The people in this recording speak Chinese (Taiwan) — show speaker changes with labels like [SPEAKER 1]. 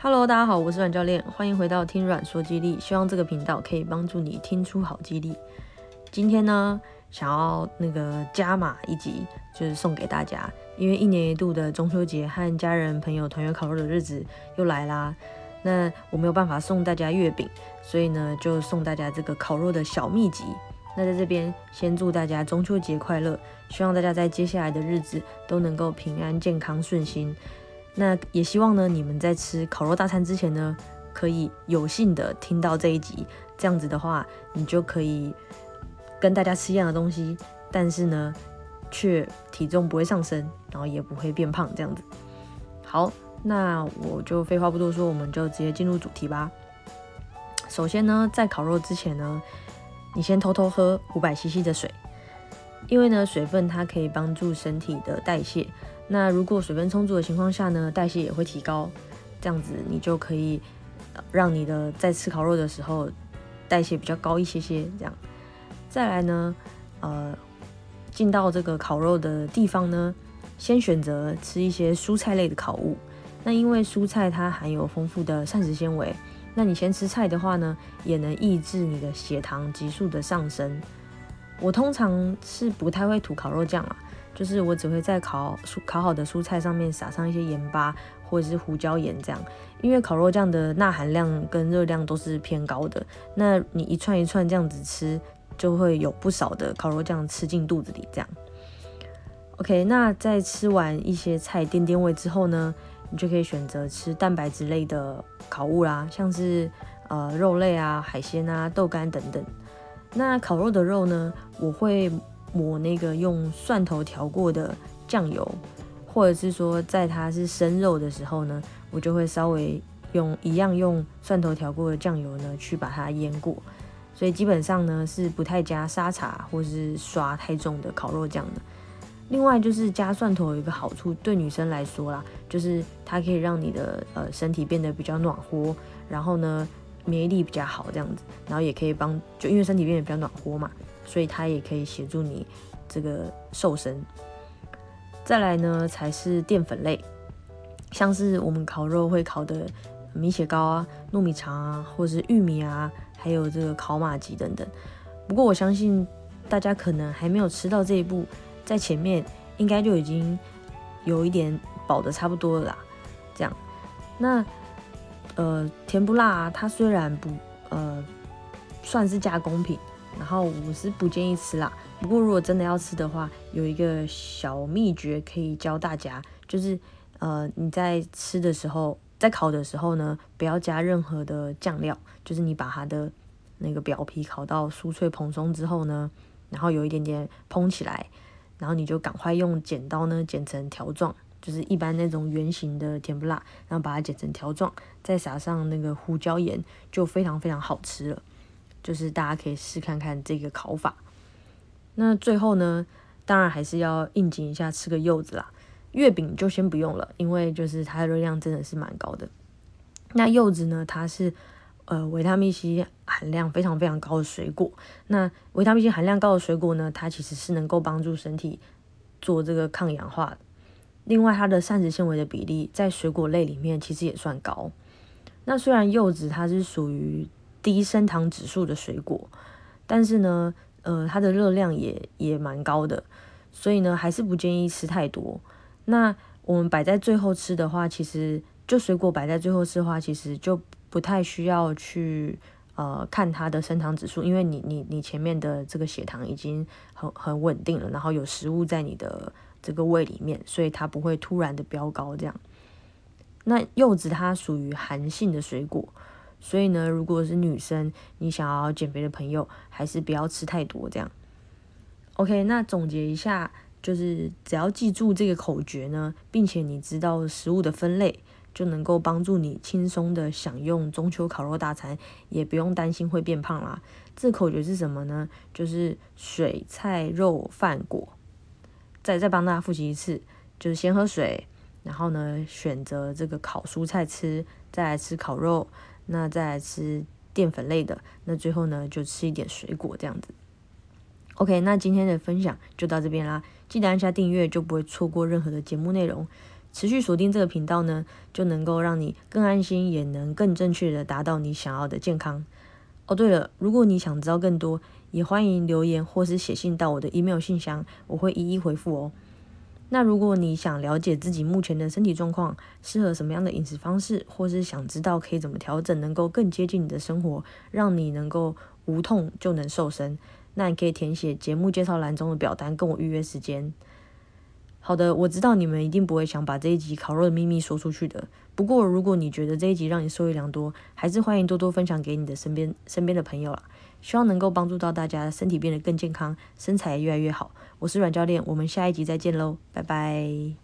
[SPEAKER 1] Hello，大家好，我是阮教練，歡迎回到聽阮說肌力。希望這個頻道可以幫助你聽出好肌力。今天呢，想要那個加碼一集，就是送給大家，因為一年一度的中秋節和家人朋友團圓烤肉的日子又來啦。那我沒有辦法送大家月餅，所以呢，就送大家這個烤肉的小秘籍。那在這邊先祝大家中秋節快樂，希望大家在接下來的日子都能夠平安、健康、順心。那也希望呢，你們在吃烤肉大餐之前呢，可以有幸的聽到這一集，這樣子的話，你就可以跟大家吃一樣的東西，但是呢，卻體重不會上升，然後也不會變胖這樣子。好，那我就廢話不多說，我們就直接進入主題吧。首先呢，在烤肉之前呢，你先偷偷喝五百 CC 的水，因為呢，水分它可以幫助身體的代謝。那如果水分充足的情況下呢，代謝也會提高，這樣子你就可以讓你的在吃烤肉的時候代謝比較高一些些。這樣，再來呢，呃，進到這個烤肉的地方呢，先選擇吃一些蔬菜類的烤物。那因為蔬菜它含有豐富的膳食纖維，那你先吃菜的話呢，也能抑制你的血糖急速的上升。我通常是不太會塗烤肉醬啊。就是我只會在烤烤好的蔬菜上面撒上一些鹽巴或者是胡椒鹽這樣，因為烤肉醬的鈉含量跟熱量都是偏高的，那你一串一串這樣子吃，就會有不少的烤肉醬吃進肚子裡這樣。OK，那在吃完一些菜墊墊胃之後呢，你就可以選擇吃蛋白質類的烤物啦，像是呃肉類啊、海鮮啊、豆干等等。那烤肉的肉呢，我會。抹那個用蒜頭調過的醬油，或者是說在它是生肉的時候呢，我就會稍微用一樣用蒜頭調過的醬油呢去把它醃過。所以基本上呢是不太加沙茶或是刷太重的烤肉醬的。另外就是加蒜頭有一個好處，對女生來說啦，就是它可以讓你的呃身體變得比較暖和，然後呢免疫力比較好這樣子，然後也可以幫就因為身體變得比較暖和嘛。所以它也可以協助你這個瘦身。再來呢，才是澱粉類，像是我們烤肉會烤的米血糕啊、糯米腸啊，或者是玉米啊，還有這個烤麻糬等等。不過我相信大家可能還沒有吃到這一步，在前面應該就已經有一點飽的差不多了啦。這樣，那呃甜不辣啊，它雖然不呃算是加工品。然後我是不建議吃啦，不過如果真的要吃的話，有一個小秘訣可以教大家，就是呃你在吃的時候，在烤的時候呢，不要加任何的醬料，就是你把它的那個表皮烤到酥脆蓬鬆之後呢，然後有一點點蓬起來，然後你就趕快用剪刀呢剪成條狀，就是一般那種圓形的甜不辣，然後把它剪成條狀，再撒上那個胡椒鹽，就非常非常好吃了。就是大家可以試看看這個烤法。那最後呢，當然還是要應景一下，吃個柚子啦。月餅就先不用了，因為就是它的熱量真的是蠻高的。那柚子呢，它是呃，維他命 C 含量非常非常高的水果。那維他命 C 含量高的水果呢，它其實是能夠幫助身體做這個抗氧化的。另外，它的膳食纖維的比例在水果類裡面其實也算高。那雖然柚子它是屬於低升糖指數的水果，但是呢，呃，它的熱量也也蠻高的，所以呢，還是不建議吃太多。那我們擺在最後吃的話，其實就水果擺在最後吃的話，其實就不太需要去呃看它的升糖指數，因為你你你前面的這個血糖已經很很穩定了，然後有食物在你的這個胃裡面，所以它不會突然的飆高這樣。那柚子它屬於寒性的水果。所以呢，如果是女生，你想要減肥的朋友，還是不要吃太多這樣。OK，那總結一下，就是只要記住這個口訣呢，並且你知道食物的分類，就能夠幫助你輕鬆的享用中秋烤肉大餐，也不用擔心會變胖啦。這口訣是什麼呢？就是水菜肉飯果。再再幫大家複習一次，就是先喝水，然後呢，選擇這個烤蔬菜吃，再來吃烤肉。那再來吃澱粉類的，那最後呢，就吃一點水果這樣子。OK，那今天的分享就到這邊啦，記得按下訂閱就不會錯過任何的節目內容，持續鎖定這個頻道呢，就能夠讓你更安心，也能更正確的達到你想要的健康。哦，對了，如果你想知道更多，也歡迎留言或是寫信到我的 email 信箱，我會一一回復哦。那如果你想了解自己目前的身體狀況，適合什麼樣的飲食方式，或是想知道可以怎麼調整，能夠更接近你的生活，讓你能夠無痛就能瘦身，那你可以填寫節目介紹欄中的表單，跟我預約時間。好的，我知道你們一定不會想把這一集烤肉的秘密說出去的。不過，如果你覺得這一集讓你受益良多，還是歡迎多多分享給你的身邊、身邊的朋友啦。希望能夠幫助到大家，身體變得更健康，身材越來越好。我是阮教練，我們下一集再見嘍，拜拜。